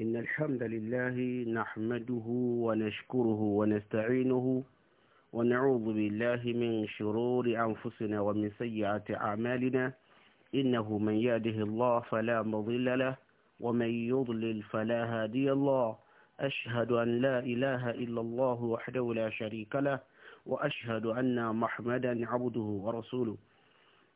إن الحمد لله نحمده ونشكره ونستعينه ونعوذ بالله من شرور أنفسنا ومن سيئات أعمالنا إنه من يهده الله فلا مضل له ومن يضلل فلا هادي الله أشهد أن لا إله إلا الله وحده لا شريك له وأشهد أن محمدا عبده ورسوله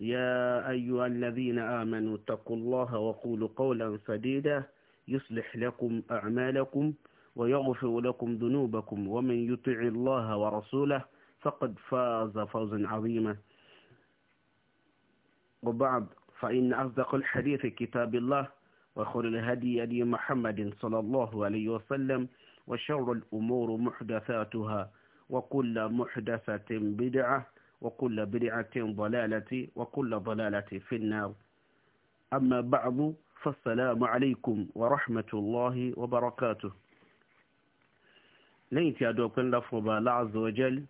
يا أيها الذين آمنوا اتقوا الله وقولوا قولا سديدا يصلح لكم أعمالكم ويغفر لكم ذنوبكم ومن يطع الله ورسوله فقد فاز فوزا عظيما وبعد فإن أصدق الحديث كتاب الله وخير الهدي هدي محمد صلى الله عليه وسلم وشر الأمور محدثاتها وكل محدثة بدعة وكل بدعة ضلالة وكل ضلالة في النار أما بعض فالسلام عليكم ورحمة الله وبركاته لين تيادو كن لفوبا لعز وجل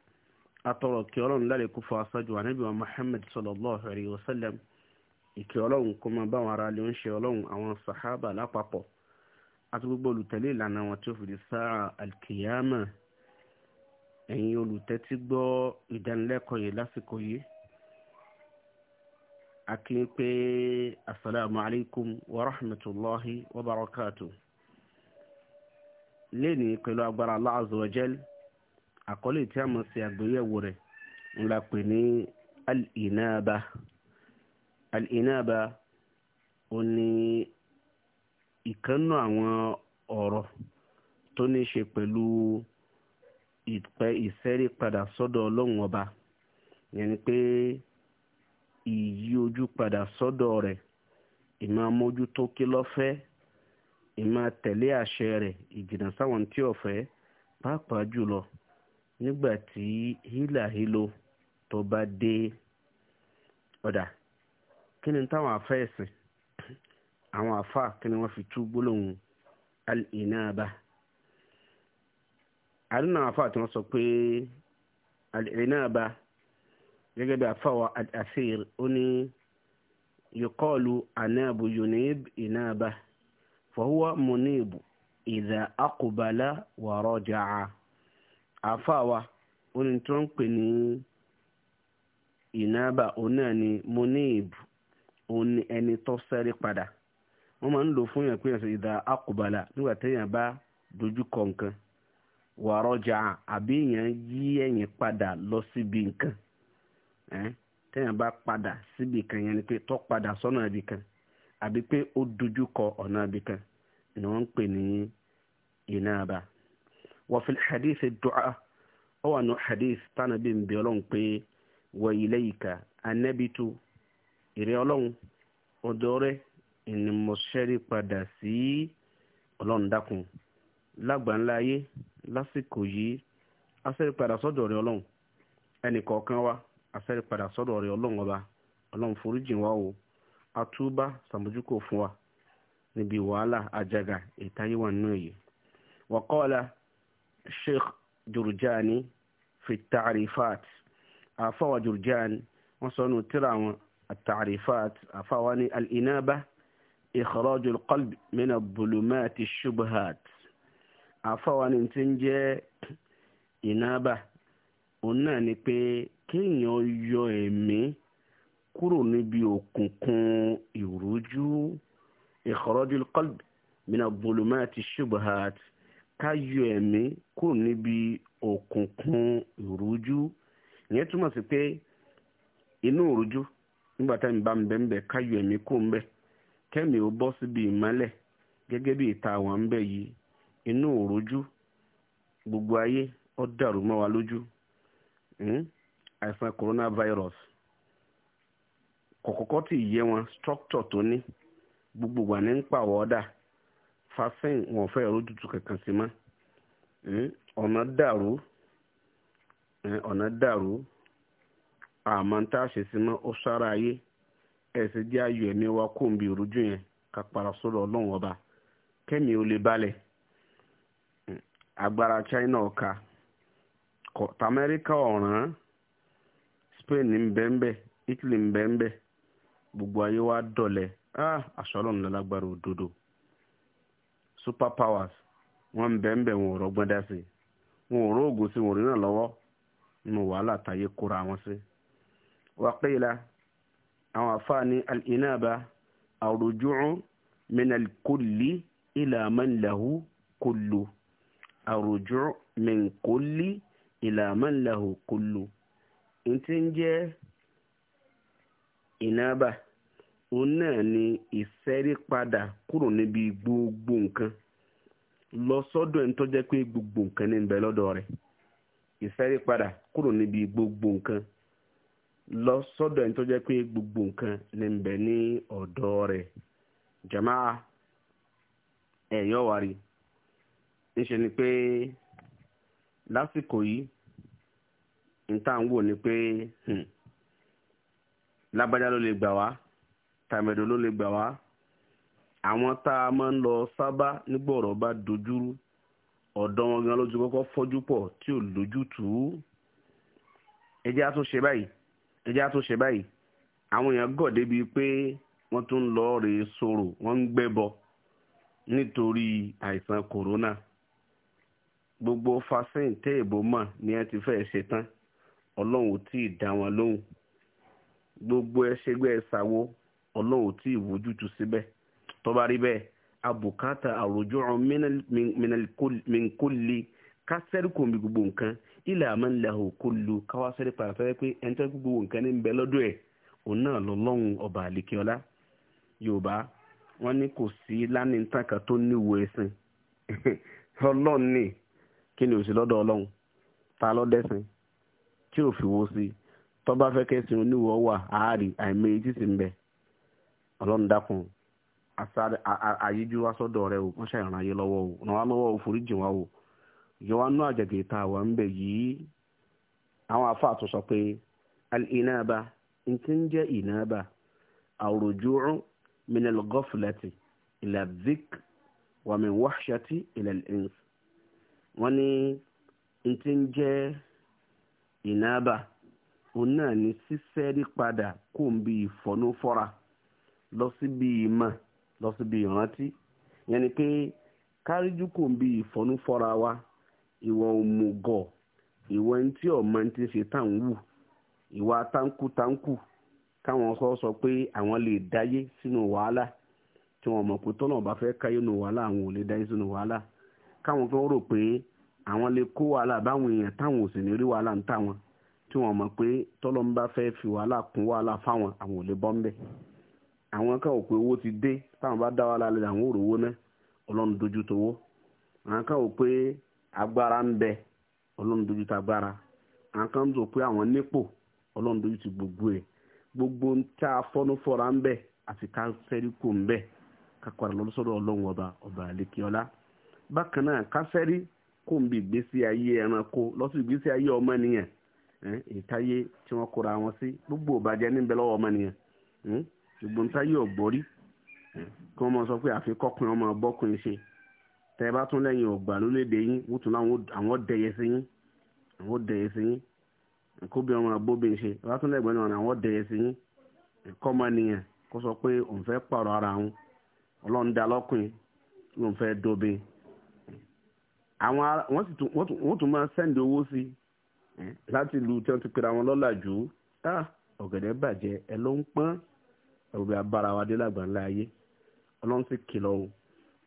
أطرق كيولون لليكو فاسجوا نبي محمد صلى الله عليه وسلم ìkìọlọ́run kó máa bá wọn ara lè ń ṣe ọlọ́run àwọn sàhábà lápapọ̀ àti gbogbo olùtẹ̀lé ìlànà fi di sáà alkiyama ẹ̀yin olùtẹ́tí gbọ́ ìdánilẹ́kọ̀ọ́ yìí lásìkò yìí a kí n pé asalaamu alaykum wa rahmatulahi wa barakatu pẹ̀lú agbára àkọlé tí a mọ̀ sí àgbéyẹ̀wò rẹ̀ ń la pè ní al-inaba al-inaba ó ní ìkànnù àwọn ọ̀rọ̀ tó ní ṣe pẹ̀lú. ìpẹ́ ìsẹ́rí padà sọ́dọ̀ ọlọ́run ọba yẹn ni pé ìyí ojú padà sọ́dọ̀ rẹ̀ ìmọ̀ mójútó kí lọ́fẹ́ ìmọ̀ tẹ̀lé àṣẹ rẹ̀ ìjìnà sáwọn tí ọ̀fẹ́ pàápàá jùlọ nígbà tí hílàhílo tó bá dé ọ̀dà kí ni táwọn afẹ́ ẹ̀sìn àwọn àfa kí ni wọ́n fi tú gbólóhùn al-inaba. àdúnà àfa tí wọ́n sọ pé al-inaba gẹ́gẹ́ bí àfa wa al-asir ó ní yukọ́ọ̀lù anáàbù yunib inaba fahuwa munibu idha aqbala wa raja'a àfa wa ó ní tí wọ́n ń pè ní ìnáàbà òun náà ni munib òun ni ẹni tó sẹ́rí padà wọ́n máa ń lò fún yàn pé ìdá akùbàlà nígbà téèyàn bá dojú kọ nǹkan wàrọ̀jà àbí èèyàn yí ẹ̀yìn padà lọ síbi nǹkan téèyàn bá padà síbi kan yẹn ni pé tó padà sọ́nà ibì kan àbí pé ó dojú kọ ọ̀nà ibì kan ni wọ́n ń pè ní ìnáàbà. wọ́fìlì hadith du'a ó wà nù hadith tánàbí ń bí ọlọ́run pé wa ilayka anábìtú ìrẹ́ ọlọ́run ọ̀dọ̀ rẹ̀ padà sí ọlọ́run dákun lágbàńlá ayé lásìkò yìí asẹ́rí padà sọ́dọ̀ rẹ ọlọ́run ẹnìkọ̀ọ̀kan wa asẹ́rí padà sọ́dọ̀ rẹ ọlọ́run ọba ọlọ́run foríjìn wa o atúbá sàmójúkò fún wa níbi wàhálà àjàgà ìtayé wà nínú èyí. wàkọ́ọ̀lá sheikh jurjani fi taarifat àfọwà jurjani wọ́n sọ nù tíra àwọn àtàrífàt àfọwà ní al-inaba ikhraju al-qalb min àfọwọ́ni tí ń jẹ́ ìnáàbà òun náà ni pe kéèyàn yọ ẹ̀mí kúrò níbi òkùnkùn ìrújú ikhrajul qalb mina dhulumati shubuhat ká yọ ẹ̀mí kúrò níbi òkùnkùn ìrújú ìyẹn túmọ̀ sí pé inú ìrújú nígbà tá à ń bá eme ká yọ ẹ̀mí kúrò ń bẹ́ ó bọ́ síbi ìmọ́lẹ̀ gẹ́gẹ́ inú òrojú gbogbo ayé ó dàrú mọ́ wa lójú hmm? àìsàn coronavirus kọ̀kọ́kọ́ ti ì wọn structure tó ní gbogbo wà ní ń pàwọ́ ọ̀dà fasin wọn fẹ́ ẹ̀rọ tutù kankan sí mọ́ hmm? ọ̀nà dàrú hmm? ọ̀nà dàrú àmọ́ tá a ṣe sí mọ́ ó sára ayé ẹ̀sìn jẹ́ ayọ̀ ẹ̀mí wa kò bi ìrújú yẹn ká para sọ́dọ̀ ọlọ́run ọba kẹ́mi ò lè balẹ̀ agbára China ọ̀ka kọ̀tà Amẹ́ríkà ọ̀ràn Spain ń bẹ́ńbẹ́ Italy ń bẹ́ńbẹ́ gbogbo ayé wa dọ̀lẹ́ ah, àṣọlọ́nù lálágbára òdodo super powers wọ́n ń bẹ́ńbẹ́ wọn ò rọgbọ́n dá sí wọn ò róògùn sí wọn ò rí náà nínú wàhálà táyé kóra wọn sí. wàkìlá àwọn àfáàní al-inaba àrùjúrù min al-kulli ila man lahu kullu. àròjọ mẹ́ńkólí ìlàmọ́láhù kólú n ti ń jẹ́ ìnábà òun náà ni padà kúrò níbi gbogbo nǹkan lọ sọ́dọ̀ ẹni tó jẹ́ pé gbogbo nǹkan ní ń lọ́dọ̀ rẹ̀ kúrò níbi gbogbo nǹkan lọ sọ́dọ̀ ẹni tó jẹ́ pé gbogbo nǹkan ní ní níṣẹ́ ni pé lásìkò yìí níta ń wò ni pé hmm, lágbájá ló lè gbà wá tàmẹ̀dọ̀ ló lè gbà wá àwọn tá a máa ń lọ sábà nígbà ọ̀rọ̀ bá dojúrú ọ̀dọ̀ wọn gan lójú kọ́kọ́ fọ́jú pọ̀ tí ò lójútùú ẹ jẹ́ á tún ṣe báyìí ẹ jẹ́ ṣe báyìí àwọn èèyàn gọ̀ débi pé wọ́n tún lọ rèé sọ̀rọ̀ wọ́n ń gbẹ́bọ nítorí àìsàn kòrónà gbogbo fasin tẹ́ ìbò mọ̀ ni ẹ ti fẹ́ ṣe tán ọlọ́run ò tí ì dá wọn lóhùn gbogbo ẹṣẹgbẹ́ ìsàwó ọlọ́run ò tí ì wojútu síbẹ̀ tó bá rí bẹ́ẹ̀ abùkátà àròjọ mìnkólì kásẹ́rì kò mi gbogbo nǹkan ilẹ̀ àmọ́nlẹ́hò kò lu káwásẹ́rì pàṣẹ pé ẹni tó gbogbo nǹkan ní bẹ lọ́dọ̀ ẹ̀ òun náà lọ́lọ́run ọba àlekíọ́lá yorùbá wọn ní kò sí lánìí tán tó níwò ẹ̀sìn ọlọ́run kí ni òsì lọ́dọ̀ ta lọ́dẹ̀sìn tí o fi wo sí fẹ́ kẹ́sìn oníwọ̀ wà àárí àìmọ èyí tí ń bẹ ọlọ́run dákun àyíjú wa o ayé lọ́wọ́ o ràn wá o wá o yọ wá nú ta wà ń bẹ yìí àwọn al n ti ń ila wọ́n ní n ti ń jẹ́ ìnáàbà òun náà ní sísẹ́rí kò ń bi bí ìfọ̀núfọ́ra lọ síbi ìmọ̀ lọ síbi ìrántí yẹn ni pé káríjú kò ń bí ìfọ̀núfọ́ra wa ìwọ òmùgọ̀ ìwọ ẹni tí ọmọ ẹni ti ṣe tàn wù ìwà táǹkù táǹkù káwọn sọ sọ pé àwọn lè dáyé sínú wàhálà tí wọn mọ̀ pé tọ́nà ọba fẹ́ káyé nù wàhálà àwọn ò lè dáyé sínú wàhálà káwọn kan rò pé àwọn lè kó wàhálà báwọn èèyàn táwọn ò sì ní rí wàhálà ń táwọn tí wọ́n mọ̀ pé tọ́lọ́n bá fẹ́ fi wàhálà kún wàhálà fáwọn àwọn ò lè bọ́ ńbẹ̀ àwọn kan ò pé owó ti dé táwọn bá dá wàhálà lẹ́yìn àwọn òrówó náà ọlọ́run dojú towó àwọn kan ò pé agbára ń bẹ ọlọ́run dojú tagbára àwọn kan ń pé àwọn nípò ọlọ́run dojú ti gbogbo ẹ̀ gbogbo tá a fọ́nú ń bẹ àti ká sẹ́ríkò ń bẹ ká padà lọ́dún ọba ọba àlekíọ́lá bákan náà káfẹ́rí kò ń bi ìgbésí ayé ẹranko lọ́sùn ìgbésí ayé ọmọnìyàn ìtayé tí wọ́n kóra wọn sí gbogbo ìbàjẹ́ níbẹ̀ lọ́wọ́ ọmọnìyàn ṣùgbọ́n táyé ògbórí kí wọ́n mọ sọ pé àfikọ́kùnrin ọmọ ọbọ̀kùnrin ṣe tẹ́ ẹ bá tún lẹ́yìn ọgbà lólédè yín wọ́n tún láwọn àwọn dẹ̀yẹ sí yín àwọn dẹ̀yẹ sí yín kóbi ọmọ abóbin ṣe ẹ bá tún lẹ́gbẹ̀ẹ́ náà àwọn dẹ̀yẹ sí yín kọ́mọnìyàn kó sọ pé òun fẹ́ pààrọ̀ ara òun ọlọ́run dá lọ́kùnrin lóun fẹ́ dóbin àwọn ará wọ́n sì wọ́n tún máa sẹ́ndì owó sí láti lu tí wọ́n ti pera wọn lọ́la jù ú ah, tá ọ̀gẹ̀dẹ̀ bàjẹ́ ẹ ló ń pọ́n ẹ̀rùbẹ̀ abára wa dé lágbà ńlá ayé ọlọ́run sì kìlọ̀ o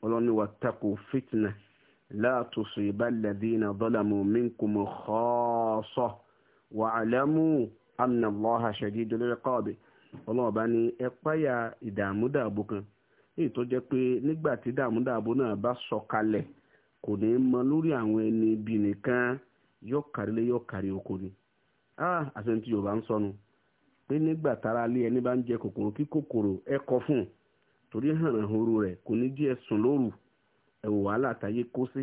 ọlọ́run ní wa tako fitna látòsò ìbálẹ̀dé iná dọ́làmù minkum khassa wa alamu anna Allaha shadidul iqabi ọlọ́run bá ní ẹ páyà ìdààmú dààbò kan èyí tó jẹ́ pé nígbà tí dààmú dààbò náà bá sọ kalẹ̀ kò ní mọ lórí àwọn ẹni bí nìkan yọkarile kàrílé yọ kàrí oko ni ah àṣẹǹtì yorùbá ń sọnù pé nígbà tára lé ẹni bá ń jẹ kòkòrò kí kòkòrò ẹ kọ fún un torí hàn ahoro rẹ kò ní jẹ sùn lóru ẹwọ wàhálà àtàyè kó sí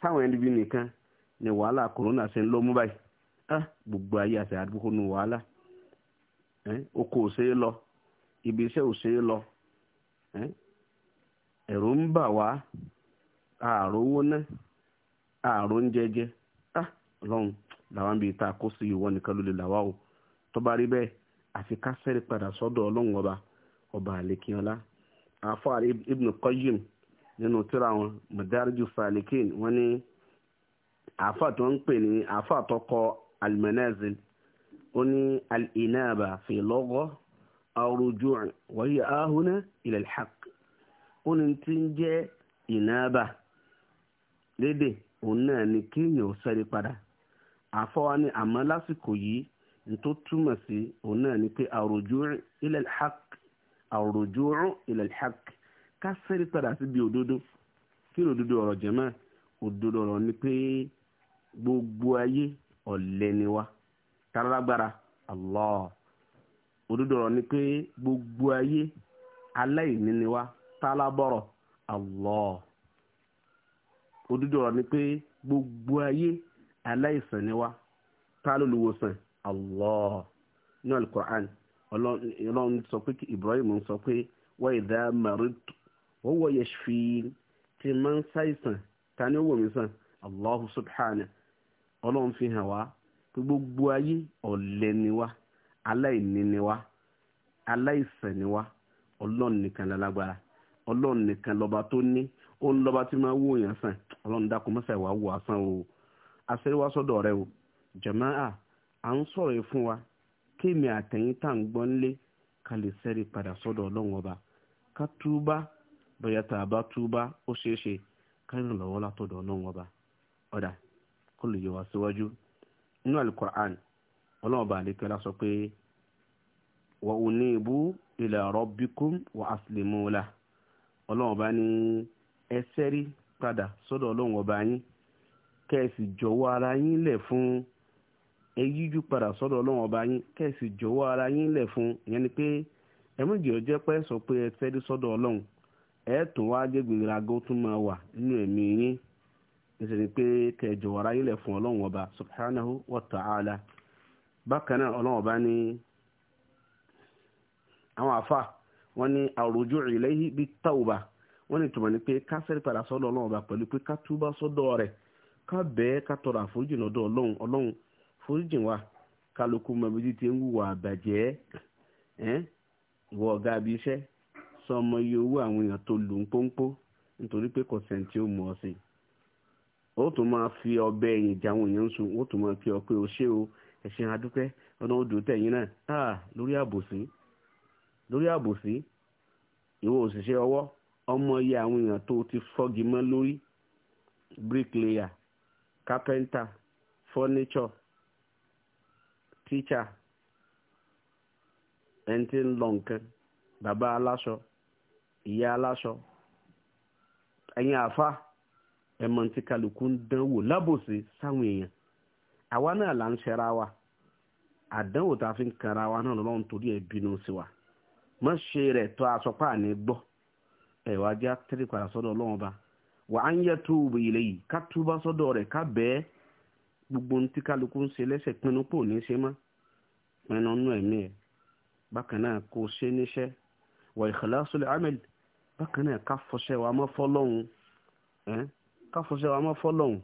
sáwọn ẹni bí nìkan ni wàhálà kòrónà ṣe ń lọ mú báyìí ah, gbogbo ayé àṣẹ àdúgbò nu wàhálà eh, oko ò ṣe é lọ ibi iṣẹ́ ò ṣe é lọ eh, ẹ̀rù ń bà wá ààrò owó náà ààrò oúnjẹ jẹ ah ọlọ́run làwọn bíi ta kó sí ìwọ nìkan ló lè làwá o tó bá rí bẹ́ẹ̀ àfi ká sẹ́rí padà sọ́dọ̀ ọlọ́run ọba ọba àlekínọlá àfọ ibn Qayyim nínú tíra wọn Madariju Salikin wọn ní àfọ tó ń pè ní àfọ àtọkọ al ó ní al fi lugha ar-ruju' wa hiya ahuna ó ní ti ń jẹ́ ìnáàbà lédè òun náà ni kéèyàn ó sẹ́rí padà àfọwọ́ ni àmọ́ lásìkò yìí n tó túmọ̀ sí òun náà ni pé àròjúrú ilẹ̀ haq àròjúrú ilẹ̀ haq ká sẹ́rí padà síbi òdodo kí òdodo ọ̀rọ̀ ni pé gbogbo ayé ọ̀lẹ ni wá tálágbára Allah òdodo ọ̀rọ̀ ni pé gbogbo ayé aláìní ni wá tálábọ̀rọ̀ òdodo ọ̀rọ̀ ni pé gbogbo ayé aláìsàn ni wá ta ló lùwòsàn allah ní alukur'an ọlọ́run sọ pé ibrahim ń sọ pé wa idha maritu wa huwa yashfin tí máa ń ṣàìsàn ta ni ó wò mí sàn allah subhanahu ọlọ́run fi hàn wá pé gbogbo ayé ọ̀lẹ ni wá aláìní ni wá aláìsàn ni wá ọlọ́run nìkan lálágbára ọlọ́run nìkan lọ́ba tó ní ó ń lọ́ba tí máa wò yàn sàn ọlọ́run dákun masa ìwà wò asán o aṣẹ́wá rẹ o jàmáà à ń sọ̀rọ̀ fún wa kéèmì àtẹ̀yìn tá à ń gbọ́n lé ká lè sẹ́rí padà sọ́dọ̀ ọlọ́run ọba ká túbá bóyá tá a bá túbá ó ṣeé ṣe ká lọ́wọ́ látọ̀dọ̀ ọlọ́run ọba ọ̀dà kó lè yẹ wá síwájú ọlọ́run ọba sọ pé padà sọ́dọ̀ ọlọ́run ọba yín kẹ́ẹ̀sì jọ̀wọ́ ara yín lẹ̀ fún ẹ padà sọ́dọ̀ ọlọ́run ọba yín kẹ́ẹ̀sì jọ̀wọ́ ara yín lẹ̀ fún ìyẹn ni pé ẹ̀mọ́jì ọjọ́ pẹ́ sọ pé ẹ fẹ́ dé sọ́dọ̀ ọlọ́run ẹ wá tún máa wà nínú ẹ̀mí yín ni pé kẹ́ẹ̀ ara yín lẹ̀ fún ọba subhanahu wa ta'ala bákan náà ọlọ́run ọba ní àwọn àfa wọ́n tuma ni ní pé ká sẹ́rí padà sọ́dọ̀ ọlọ́run ọba pẹ̀lú pé ká túbá sọ́dọ̀ rẹ̀ ká bẹ́ẹ̀ ká tọrọ àforíjì lọ́dọ̀ ọlọ́run ọlọ́run foríjì wa kálukú mọ̀mídìí ti ń wùwà àbàjẹ́ wọ ọ̀gá ibi iṣẹ́ iye owó àwọn èèyàn tó lù ń pọ́npọ́ nítorí pé kò sẹ́ni tí ó mọ̀ ọ́ sí i ó tún máa fi ọbẹ̀ ẹ̀yìn ìjà àwọn èèyàn ń sun ó tún máa fi ọpẹ́ o ṣé o ẹ̀ṣẹ̀ ọmọ iye àwọn èèyàn tó ti fọ́gi mọ́ lórí bricklayer carpenter furniture teacher ẹni tí ń lọ nǹkan bàbá aláṣọ ìyá aláṣọ ẹ̀yin àfa ẹ̀mọ̀ tí kálukú ń dánwò lábòsí sáwọn èèyàn àwa náà là ń ṣẹra wa àdánwò tá a fi ń kanra wa náà lọ́wọ́ nítorí ẹ̀ bínú sí wa mọ̀ ṣe rẹ̀ tó aṣọ pàání gbọ́. ẹ̀wà jẹ́ àtẹ́rẹ́ padà sọ́dọ̀ ọlọ́run ọba wà á ń yẹ tó òbí ilẹ̀ yìí ká túbá sọ́dọ̀ rẹ̀ ká bẹ́ẹ̀ gbogbo ohun tí kálukú ń ṣe lẹ́sẹ̀ pinnu pò ní ṣe mọ́ pinnu nú ẹ̀mí ẹ̀ bákan náà kò ṣe níṣẹ́ wà ikhlasul amal bákan náà ká fọṣẹ́ wa mọ́ fọ́lọ́hún ẹ́ ká fọṣẹ́ wa mọ́ fọ́lọ́hún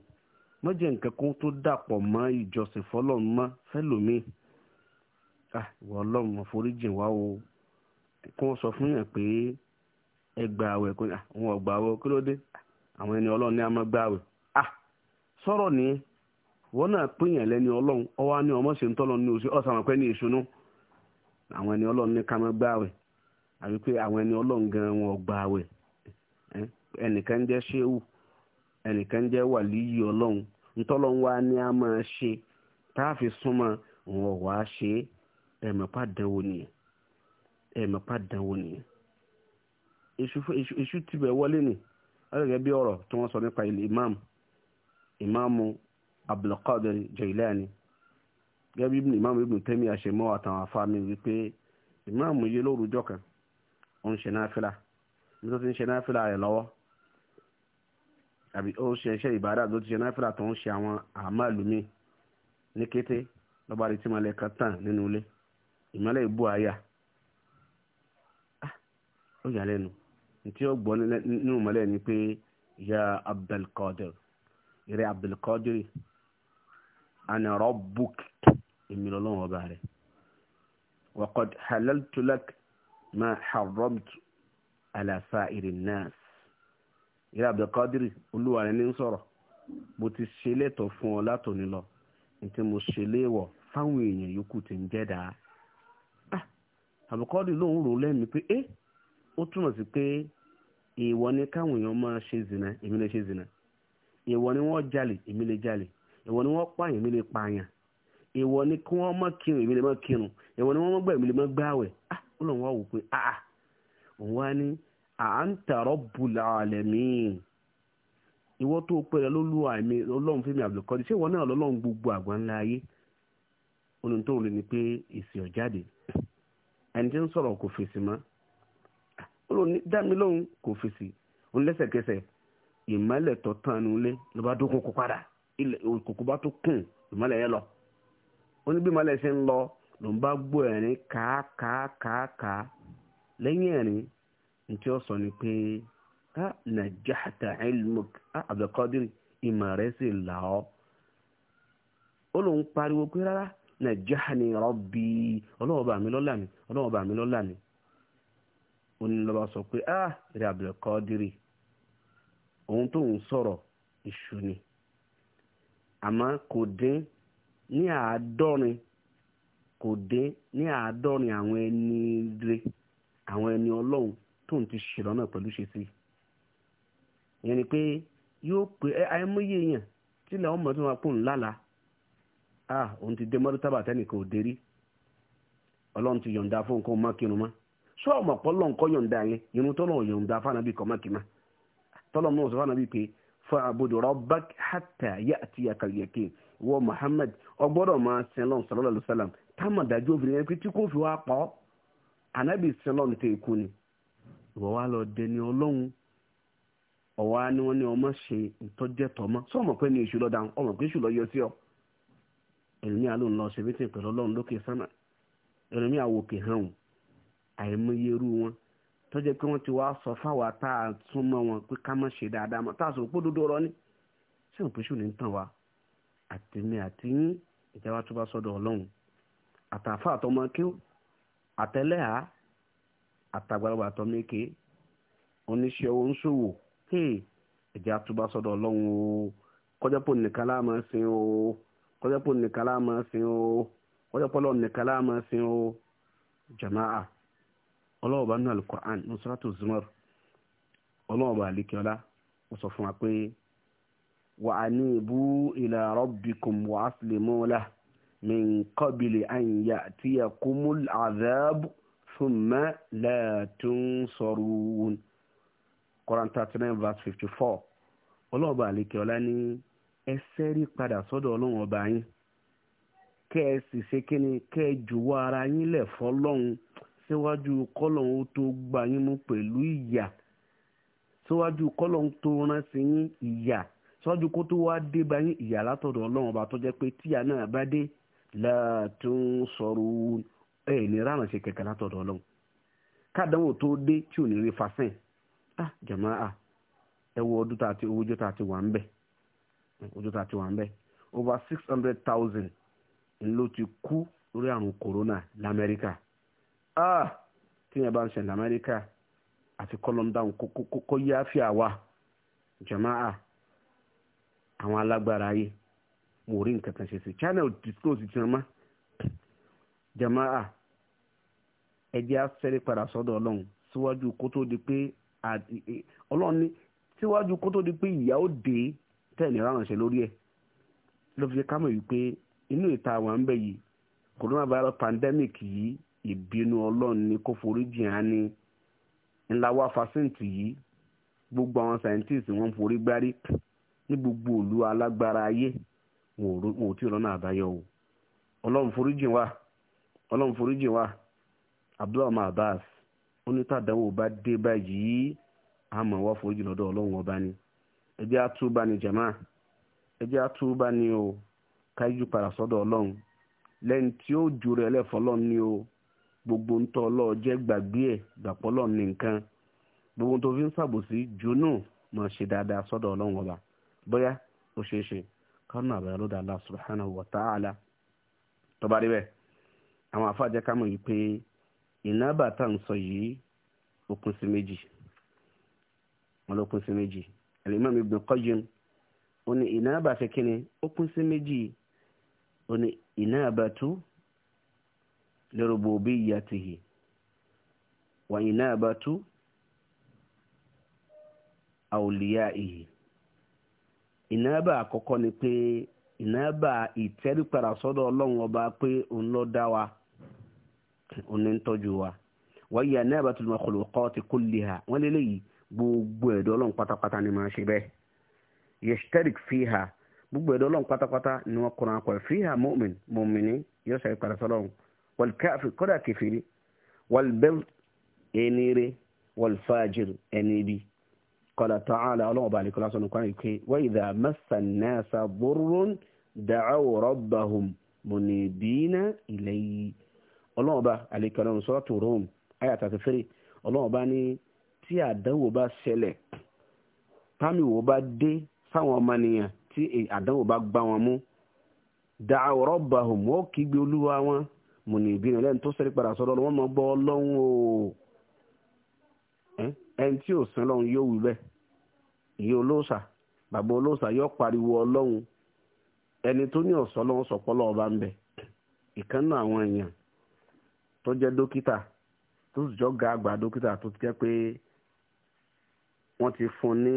mọ́jẹ̀ nǹkan kó tó dàpọ̀ mọ́ ìjọsìn fọ́lọ́hún mọ́ fẹ́lòmí ah, wọ́n ọlọ́run àforíjì wa o kí wọ́n sọ fún yàn pé ẹ gba àwẹ̀ kò ní àwọn ah, ọ̀gbà àwẹ̀ kí ló dé àwọn ẹni ọlọ́run ní àmọ́ gba à ah, sọ̀rọ̀ nìyẹn wọn náà pínyàn lẹ́ni ọlọ́run ọwọ́ ọmọ ṣe ń tọ́lọ ní oṣù ọ̀sán àpẹ́ ní ìṣúná àwọn ẹni ọlọ́run ní wa ni a máa ṣe tá fi súnmọ́ wọn wàá ṣe nìyẹn èṣù tibẹ̀ wọlé ni ọlọ́gẹ́ bí ọ̀rọ̀ tí wọ́n sọ nípa ilé imam imamu abdulkadir jailani gẹ́gẹ́ bí imam ibn tẹ́mi àṣemọ́ àtàwọn afáàmì wípé imam yìí lórúkọ kan ó ń ṣe náfìlà bí tó ti ń ṣe náfìlà rẹ̀ lọ́wọ́ àbí ó ṣe iṣẹ́ ìbára tó ti ṣe náfìlà tó ń ṣe àwọn àmàlùmí ní kété lọ́ba rí tí malẹ̀ kan tàn nínú ilé ìmọ̀lẹ̀ ìbú àyà ah, ó yà lẹ́nu tí ó gbọ́ nínú mọ́lẹ̀ ni pé ya abdulkadir eré abdulkadir ana rabbuk èmi lọ́lọ́wọ́ ọba rẹ̀ wa qad halaltu lak ma harramtu ala sa'iri nas eré abdulkadir olúwa rẹ̀ ní ń sọ̀rọ̀ mo ti ṣe lẹ́tọ̀ fún ọ látòní lọ ní tí mo ṣe léèwọ̀ fáwọn èèyàn yòókù ti ń jẹ́ dáa ah! abdulkadir lòun rò lẹ́nu pé eh ó túmọ̀ sí pé èèwọ̀ ni káwọn èèyàn máa ṣe zina èmi lè ṣe zina èèwọ̀ ni wọ́n jalè èmi lè jalè èèwọ̀ ni wọ́n pààyàn èmi lè pààyàn èèwọ̀ ni kí wọ́n má kírun èmi lè má kírun èèwọ̀ ni wọ́n má gbà èmi lè má gbààwẹ̀ ah ó lọ́n wò pé ah, ah òun wá ní anta rabbul alamin ìwọ tó pẹ̀lẹ́ ló lu àmì ọlọ́run fún mi àbùkọ́dé ṣé ìwọ náà lọ́lọ́run gbogbo àgbáńlá ayé ohun tó pé èsì ọ̀jáde ẹni tí ń sọ̀rọ̀ kò fèsì mọ́ ó lò ní dá kò fèsì lẹ́sẹ̀kẹsẹ̀ ìmọ̀lẹ̀ tó tán ló bá kó padà bá tó kùn ìmọ̀lẹ̀ yẹn lọ ìmọ̀lẹ̀ ṣe ń lọ ló ń bá gbọ́ ẹ̀rín kàákàákàá lẹ́yìn ẹ̀rín ní tí ó sọ ni pé a najahta ilmuk a abdulkadir ìmọ̀ rẹ̀ sì là ọ́ ó pariwo pé rárá najahani rabbi ọlọ́wọ́ bá lọ́lá ọlọ́wọ́ mi lọ́lá mi onílọ́ba sọ pé ah eré abdulkadiri ohun tó ń sọ̀rọ̀ èṣù ni àmọ́ kò dín ní àádọ́rin kò dín ní àádọ́rin àwọn ẹni rẹ àwọn ẹni ọlọ́run tó ń ti ṣèlọ́nà pẹ̀lú ṣe sí ìyẹn ni pé yóò pé àìmọye èèyàn tílẹ̀ ọmọ tó máa pò ń lálàá ah òun ti dé mọ́tò tábà tẹ́nìkan ò dérí ọlọ́run ti yọ̀ǹda fún nǹkan mọ́kìrún mọ́. ṣé ọmọ pọlọ nǹkan anyị yẹn irun tọ́lọ̀ yọ̀ǹda fáànàbí kọ́ mákìmá tọ́lọ̀ náà sọ fáànàbí pé fa'budu rabbak hatta ya'tiyaka ya yaqin wọ Muhammad ọgbọ́dọ̀ máa sin lọ́n sallallahu alaihi wasallam táwọn dájú obìnrin yẹn pé tí pa ọ ni lọ ni ṣe esu lọ ọ ṣe lókè àìmọye irú wọn tó jẹ́ pé wọ́n ti wá sọ fáwa tá a tún mọ́ wọn pé ká mọ̀ ṣe dáadáa mọ́ tá a sọ pé dodo ọ̀rọ̀ ni ṣé òpin ṣù ní tàn wá àtẹ̀mí àti yín ìjọba tó bá sọ́dọ̀ ọlọ́run àtàfà àtọmọ kíó àtẹlẹ́hà àtàgbàlagbà àtọmẹ́kẹ́ oníṣẹ́ owó ń ṣòwò ẹ̀jẹ̀ àtúbà sọ́dọ̀ ọlọ́run o kọjọ́pọ̀ nìkan láàmú sin o kọjọ́pọ̀ nìkan láàmú sin o kọjọ́pọ̀ lọ́ọ̀ nìkan láàmú sin o jama'a ọlọ́wọ́ bá nínú alukur'an ní sọ́tò zumar ọlọ́wọ́ bá alikiola ó sọ fún wa pé wa anibu ila rabbikum wa aslimu lah min qabili an ya'tiyakumul azab thumma la tunsarun Quran thirty nine verse fifty four ọlọ́wọ́ bá alikiola ní ẹ ṣẹ́rí padà sọ́dọ̀ ọlọ́wọ́ bá yín kẹ́ ẹ sì ṣe kí kẹ́ ẹ jùwọ́ ara yín lẹ̀ fọ́lọ́hún síwájú kọ́lọ̀n ó tó gbà yín mú pẹ̀lú ìyà síwájú kọ́lọ̀n tó rán sí yín ìyà síwájú kó tó wá dé bá yín ìyà látọ̀dọ̀ ọlọ́run ọba tó jẹ́ pé tíyà náà bá dé látún sọ̀rọ̀ ẹ̀ ní ránṣẹ́ kẹ̀kẹ́ látọ̀dọ̀ ọlọ́run kádánwò tó dé tí ò ní rí fasẹ́ǹ ah jàmá ah ẹ wo ọdún tá a ti owójọ́ wà ń bẹ̀ ọjọ́ tá wà ń bẹ̀ over six hundred thousand ló ti kú lórí àrùn kòrónà lamẹ́ríkà ah tíyẹn bá ń ṣẹlẹ̀ amẹ́ríkà àti kọ́lọ́ndàún kókó yááfíà wa jama'a àwọn alágbára ayé mo rí nǹkan kan ṣe sí china disclose ti wọn mọ́ jama'a ẹjẹ́ àṣẹ́rí padà sọ́dọ̀ ọlọ́run síwájú kó tó di pé e, ọlọ́run ní síwájú kó tó di pé ìyà dé tẹ̀lé ránṣẹ́ lórí ẹ̀ ló fi kámọ̀ yìí pé inú ìta àwọn ń yìí coronavirus pandemic yìí ìbínú ọlọ́run ni kó foríjì hàn ní ńlá wá fásitì yìí gbogbo àwọn scientists wọ́n forí gbárí ní gbogbo òlu alágbára ayé wọn ò tí ì rọ́nà àbáyọ o ọlọ́run foríjì wa ọlọ́run foríjì wa abdullahi mahabas onítàdánwò bá dé báyìí àmọ́ wá foríjì lọ́dọ̀ ọlọ́run ọba ni ẹ àtúbà ni jama ẹ jẹ́ àtúbà ni o káyíjú padà sọ́dọ̀ ọlọ́run lẹ́yìn tí ó jù rẹ̀ ọlọ́run ni o gbogbo ń tọ́ ọlọ́ọ̀ jẹ́ gbàgbé ẹ̀ gbàpọ́ lọ́ọ̀ ní nǹkan gbogbo tó fi ń ṣàbòsí jóná mọ̀ ṣe dáadáa sọ́dọ̀ ọlọ́run ọba bóyá ó ṣeé ṣe kánú àbẹ̀rẹ̀ ló dá Allah subhanahu wa ta'ala tó bá rí bẹ́ẹ̀ àwọn afáàjẹ́ ká mọ̀ yìí pé ìnábà tá à ń sọ yìí ó sí méjì wọn ló kún sí méjì Al-Imam Ibn Qayyim ó ní ìnábà ṣe ó kún sí méjì ó ní ìnábà tú لربوبيته wa inabatu awliyaihi ìnáàbà àkọ́kọ́ ni pé ìnáàbà ìtẹ́rípadà sọ́dọ̀ ọlọ́run ọba pé òun ló dá wa òun ní ń tọ́jú wa wáyé ìnáàbatul makhluqati kulliha wọ́n lé léyìí gbogbo ẹ̀dọ́ ọlọ́run pátápátá ni máa ṣe bẹ́ẹ̀ yeshtarik fiha gbogbo ẹ̀dọ́ ọlọ́run pátápátá ni wọ́n kọ́ra pẹ̀ fiha mu'min mu'mini yóò ṣe ìpadà wàlkáfì kọ́dà kẹfìrí wàlbẹ́l ẹni rẹ wàlfàjìr ẹni bí kọ́dà tààlà ọlọ́wọ́ bá àlekọ́lá sọ̀nù kan ìpè wọ́n ìdá mẹ́sàn-án-nẹ́sà bọ́rún dàáwò rọ́bàhùn mùnìbínà ìlẹ́yìí ọlọ́wọ́ bá àlekọ́lá sọ̀tù rome ayé àtàkùfẹ́rẹ́ ọlọ́wọ́ bá ní tí àdánwò bá ṣẹlẹ̀ támìwò bá dé sáwọn ọmọnìyàn tí àdánwò bá gbá wọn mú dàáwò rọ́bàhùn wọ́n kígbe olúwa wọn mùnìbí rẹ̀ lẹ́nu tó sẹ́rí padà sọ́dọ̀ ni wọ́n mọ̀ bọ́ lọ́hùn o ẹni tí ò sin lọ́hùn yóò wí bẹ́ẹ̀ ìyá olóòṣà bàbá olóòṣà yóò pariwo ọlọ́hùn ẹni tó ní ọ̀sọ́ lọ́hùn sọ̀pọ̀lọ́ ọba ń bẹ ìkànnà àwọn èèyàn tó jẹ́ dókítà tó sì jọ ga àgbà dókítà tó ti jẹ́ pé wọ́n ti fún ní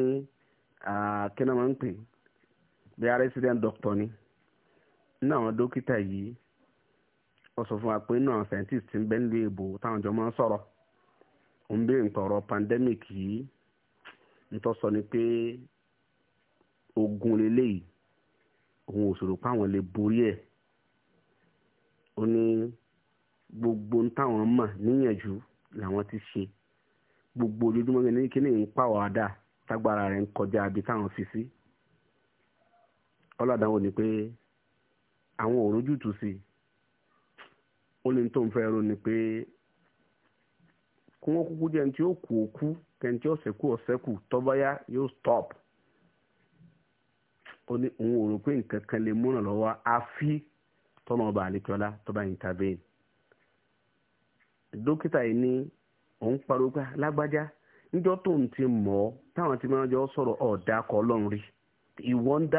kí náà máa ń pè bí i resident ni ní àwọn dókítà yìí wọ́n sọ fún wa pé náà scientist ń bẹ nílùú èbó táwọn jọ máa ń sọ̀rọ̀ ó ń béèrè nǹkan ọ̀rọ̀ pandemic yìí ń tọ́ sọ ni pé ogun leléyìí òun ò sọ̀rọ̀ pé àwọn lè borí ẹ̀ ó ní gbogbo táwọn mọ̀ níyànjú làwọn ti ṣe gbogbo ojoojúmọ́ ní kíní ń pàwọ́dà tágbára rẹ̀ ń kọjá ibi táwọn fi sí ọlọ́dàá ni pé àwọn ò sí i onye ntọ tó ń ni pe kún ó kúkú jẹ́ ní o ó kú òkú kẹ́ni tí ó sẹ́kù ọ̀sẹ́kù tọ́báyá stop ó ní òun ò rò pé nǹkan kan lè múràn ọba àlekíọ́lá tọba intervene dọkịta yìí ní òun pariwo pé lágbájá níjọ́ tó ń ti táwọn ti jọ rí ìwọ ń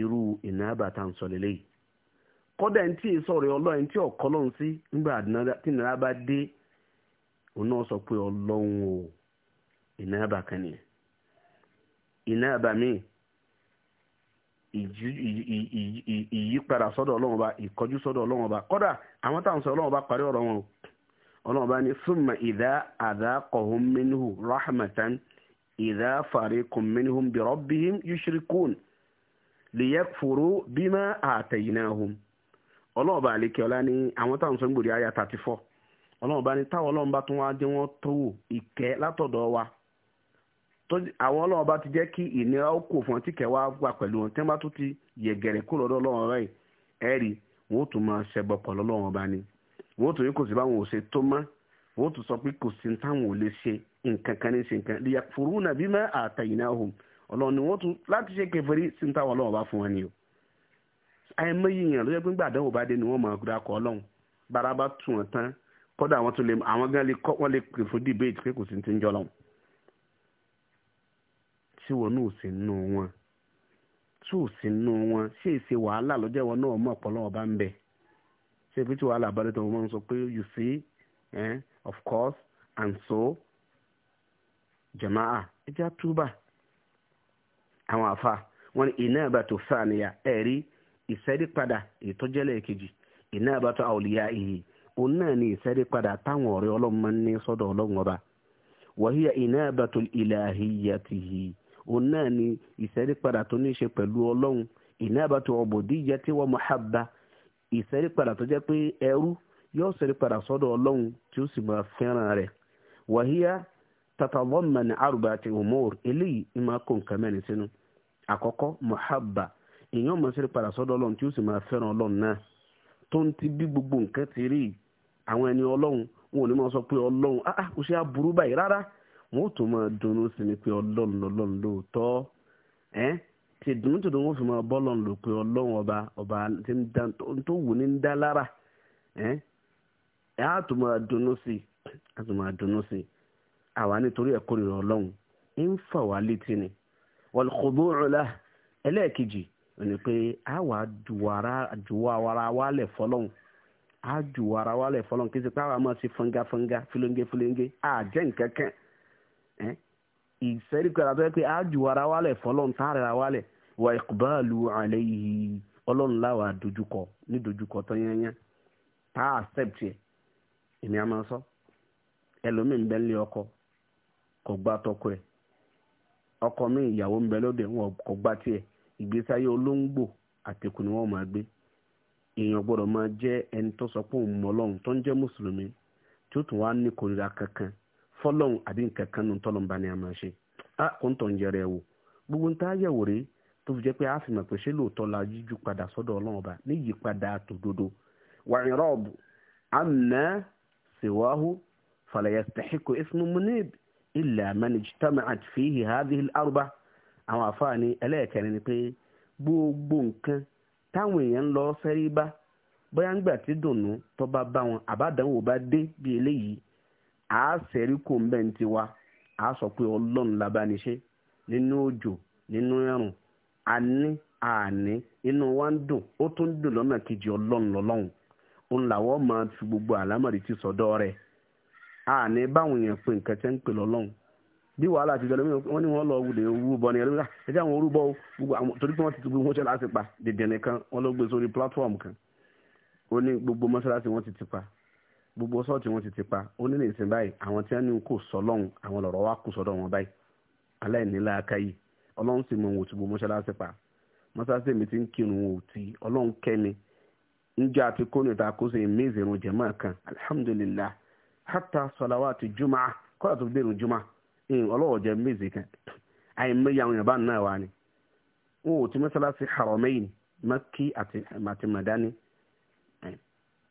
irú kódà ẹni sọrọ ọlọrin tí ọ̀kọ́ lọ́run sí nígbà tí bá dé òun náà sọ pé ọlọ́run o ìnira bá kan nìyẹn iji bá yi ìyípadà sọ́dọ̀ ọlọ́run ọba ìkọjú sọ́dọ̀ ọlọ́run ọba kódà àwọn táwọn sọ ọba parí ọ̀rọ̀ wọn o ọlọ́run ọba ní súnmọ́ ìdá àdákọ̀hún minhu rahmatan ìdá fariqun minhum bi rabbihim yushrikun bima àtẹ̀yìnà ọlọ́ọ̀bà àlékẹ́ọ́lá ní àwọn táwọn sọ ń àyà thirty four ọlọ́run bá ní táwọn ọlọ́run bá tún wá dé wọ́n tó wò ìkẹ́ látọ̀dọ̀ wa àwọn ọlọ́run bá ti jẹ́ kí ìnira ó kò fún ọtí kẹwà wà pẹ̀lú wọn tí wọ́n bá tún ti yẹ̀gẹ̀rẹ̀ kó lọ́dọ̀ ọlọ́run rẹ̀ ẹ̀ rí wọ́n ó tún máa ṣẹbọ pọ̀ lọ́lọ́run bá ní ó tún ni wọ́n tún láti ṣe kèfèrí sí táwọn àìmọye èèyàn ló yẹ pé ńgbà àdánwò bá dé ni wọ́n máa gbúdá kọ ọlọ́run bára bá tù wọ́n tán kọ́dà àwọn tó lè àwọn gan lè kọ́ wọ́n lè pè fún debate pé kò sí ti ń jọ lọ́hùn tí wọn náà sì nù wọn tí ò sì nù wọn ṣé èsì wàhálà lọ́jọ́ ìwọ náà mọ̀ ọ̀pọ̀lọ́ ọba ń bẹ ṣé ibi tí wàhálà bá dé tó wọ́n sọ pé you see eh, of course and so jama'a ẹja túbà àwọn àfa wọn ni iná ìbàtò sáà nìyà ẹ̀rí ìṣẹ́rípadà ìtọ́jẹ́lẹ̀ kejì ìnáàbàtọ̀ àwòlíyá ìhì òun náà ni ìṣẹ́rípadà táwọn ọ̀rẹ́ ọlọ́run máa ń ní sọ́dọ̀ ọlọ́run ọba wàhíyà ìnáàbàtọ̀ ìlàhíyàtìhì òun náà ni ìṣẹ́rípadà tó ní í ṣe pẹ̀lú ọlọ́run ìnáàbàtọ̀ ọ̀bọ̀díyàtì wa muhabba ìṣẹ́rípadà tó jẹ́ pé ẹrú yóò ṣẹ́rípadà sọ́dọ̀ ọlọ́run tí ó sì máa fẹ́ràn rẹ̀ wàhíyà tatalọ́mọ̀ ní arúgbó àti òmòr eléyìí ìmọ̀ kó nǹkan mẹ́rin sínú àkọ́kọ́ muhabba èèyàn mọ̀ sẹ́rẹ̀ padà sọ́dọ̀ ọlọ́run tí ó sì máa fẹ́ràn ọlọ́run náà tó ń ti bí gbogbo nǹkan ti rí àwọn ẹni ọlọ́run wọn ò ní máa sọ pé ọlọ́run áá ah, ah, kò ṣe aburú báyìí rárá wọn ò tó máa dunnú sí ni pé ọlọ́run ọlọ́run lóòótọ́ ẹ́ ti dùnú tó dùn wọn fi máa bọ́ ọlọ́run lò pé ọlọ́run ọba ọba tó wù ní ń dá lára ẹ́ ẹ́ á tó máa dunnú sí á tó máa dunnú sí àwa nítorí ẹ̀kọ́ ìrọ̀ ọlọ́run ń fà wá létí ni wal khudu'u lah ẹlẹ́ẹ̀kejì ni pé a wà juwara wálẹ̀ fọlọ́hún a juwara wálẹ̀ fọlọ́hún kí n sì pé àwọn filonge filenge. a jẹ́ nǹkan kan ìsẹ́ríkọ̀ra tó yẹ pé a juwara wálẹ̀ fọlọ́hún tá a rẹ̀ wálẹ̀ wà ìkùbáàlù àlẹ́ yìí ọlọ́run láwa dojúkọ ní dojúkọ tó yẹn yẹn tá a accept yẹ èmi a máa sọ ẹlòmíì mi ìyàwó ń bẹ lóde ìgbésí ayé olóńgbò àtẹkùn ni wọ́n máa gbé èèyàn gbọ́dọ̀ máa jẹ́ ẹni tó sọ pé òun mọ ọlọ́run tó ń jẹ́ mùsùlùmí tí ó tún wá ní kórìíra kankan fọlọ́run àbí nǹkan kan nù tọ́lọ́n bá ní a máa ṣe á kò ń tàn yẹrẹ wò gbogbo ń tá a yẹ̀wò rèé tó fi jẹ́ pé a fi mọ̀ pé ṣé lóòótọ́ la yíjú padà sọ́dọ̀ ọlọ́run ọba ní ìyípadà tòdodo wàyìn rọ́ọ̀bù àmì siwahu fàlàyé sàtẹ̀xíkò ismu munib illa man ijtama'at fihi hadhihi al àwọn àfáà ní ẹlẹ́ẹ̀kẹrin ni pé gbogbo nǹkan táwọn èèyàn ń lọ fẹ́rí bá bóyá ńgbà tí dùnnú tó bá bá wọn àbádánwò bá dé bí eléyìí á kò ń bẹ́ẹ̀ ti wa á sọ pé ọlọ́run labániṣe nínú òjò nínú ẹ̀rùn àní àní inú wa ń dùn ó kejì ọlọ́run lọ́lọ́run òun làwọn máa gbogbo àlámọ̀rí ti rẹ̀ àní báwọn èèyàn bí wàhálà àtijọ́ lómi wọ́n ní wọ́n lọ wulẹ̀ owó bọ́ ni ẹlẹ́mi ká ẹ jẹ́ àwọn orúbọ gbogbo torí pé wọ́n ti tu gbogbo mọ́ṣẹ́ láti pa dèdè nìkan wọ́n ló gbé sórí platform kan ó ní gbogbo mọ́ṣáláṣí wọ́n ti ti pa gbogbo sọ́ọ̀tì wọ́n ti ti pa ó ní nìsín báyìí àwọn tí wọ́n ní kò sọ lọ́hùn àwọn lọ̀rọ̀ wa kò sọ́dọ̀ wọn báyìí aláìníla akáyì ọlọ́run sì mọ òun ti bo mọ́ṣáláṣí pa mọ́ṣáláṣí mi ti ń kírun òun ti ọlọ́run kẹ́ni níjọ́ àti kóni ìta kó alhamdulillah hatta salawati juma kọ́lá tó fi dé juma Hmm, ọlọ́wọ́ jẹ́ mẹ́sì kan àìmọye àwọn èèyàn bá nínú àwa ni wọn ti Haramain maki àti Madani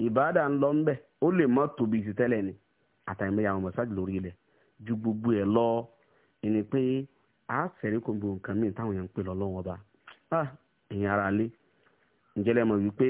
ìbáàdà ń lọ ó lè mọ́ tóbi tẹ́lẹ̀ ni àtàìmọye àwọn mọ̀sáàjì lórí ilẹ̀ ju gbogbo ẹ̀ lọ ẹni pé a fẹ̀rí kò gbogbo nǹkan mìíràn táwọn ń pè ọba ah, ara lé wípé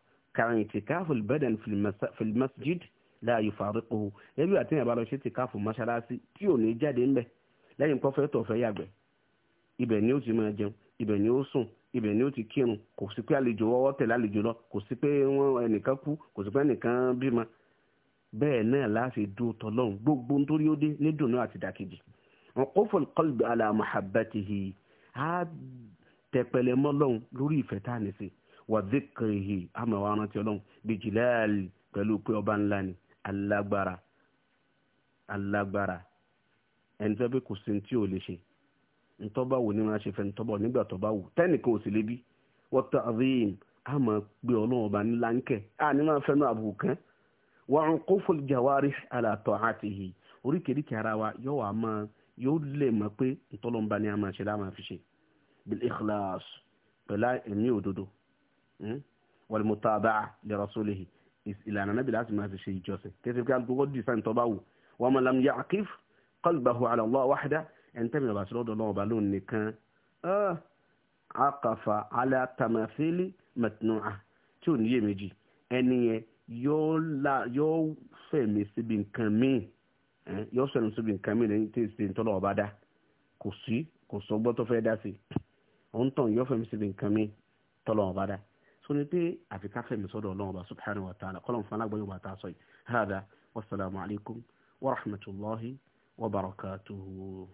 kàìtìkáfù bẹ́dẹ̀n fìlmásjid láàyò fàríkò ẹbí àti ìyàbá lọ ṣe tìkáfù mọ́ṣáláṣí tí ò ní jáde ńbẹ lẹ́yìn pọ́fẹ́ tọ̀fẹ́ yàgbẹ́ ibẹ̀ ni ó ti máa jẹun ibẹ̀ ni ó sùn ibẹ̀ ni ó ti kírun kò sí pé àlejò ọwọ́ tẹ̀lé àlejò lọ kò sí pé wọ́n ẹnìkan kú kò sí pé ẹnìkan bímọ bẹ́ẹ̀ náà láti dún tọlọ́run gbogbo nítorí ó dé ní dùnú àti dàkejì wọn kò fọ kọlùbẹ ala mahabbatihi á tẹpẹlẹ mọ́ lọ́hùn lórí ìfẹ́ tá a ní wàdíkìrìhì àmọ́ wa rántí ọlọ́run bìjìláàlì pẹ̀lú pé ọba ńlá ni alágbára alágbára ẹni tó bí kò sí tí ò lè ṣe ntọ́ba wò ní ma ṣe fẹ́ ntọ́ba nígbà tọ́ba wò tẹ́nìkan ò sì lè bí wọ́n ta àdéhìn àmọ́ pé ọlọ́run ọba ńlá ń kẹ́ àní máa fẹ́ nu àbùkù kan wọ́n kó fòlìjàwárí àlàtọ̀ àti hì oríkèéríkèé ara wa yóò wá máa yóò lè mọ̀ pé ntọ́lọ́mba ni a máa ṣe láwọn àfiṣe bil ikhlas pẹ̀lú ẹ̀mí òdodo Hmm? wàlmùtàbà lè rasulihi ìlànà náà bí láti máa fi ṣe ìjọsìn kẹsì pé alùpùpù dì sáyìn tọ́ba wù wọ́n máa lam yà àkíf qalbahu ala Allah wahda ẹni tẹ́mi ọ̀bà sí lọ́dọ̀ lọ́wọ́ balóun nìkan àkàfà alẹ́ tàmàfẹ́lẹ́ mẹtìnnà tí ò níyè méjì ẹni yẹn yóò fẹ̀mí síbi nǹkan míì yóò sọ̀rọ̀ síbi nǹkan míì lẹ́yìn tí ìsìn tọ́lọ̀ ọba dá kò sí kò sọ gbọ́ tó fẹ́ dá sí òun tàn yóò fẹ̀mí síbi nǹkan míì tọ́lọ̀ ọba dá so ni pé àfi káfẹ́mi sọ́dọ̀ ọlọ́run ọba subhanahu wa ta'ala kọ́lọ́n fún alágbọ́yọ̀ bá ta sọ yìí hada wasalaamu wa rahmatulahi wa barakatuhu.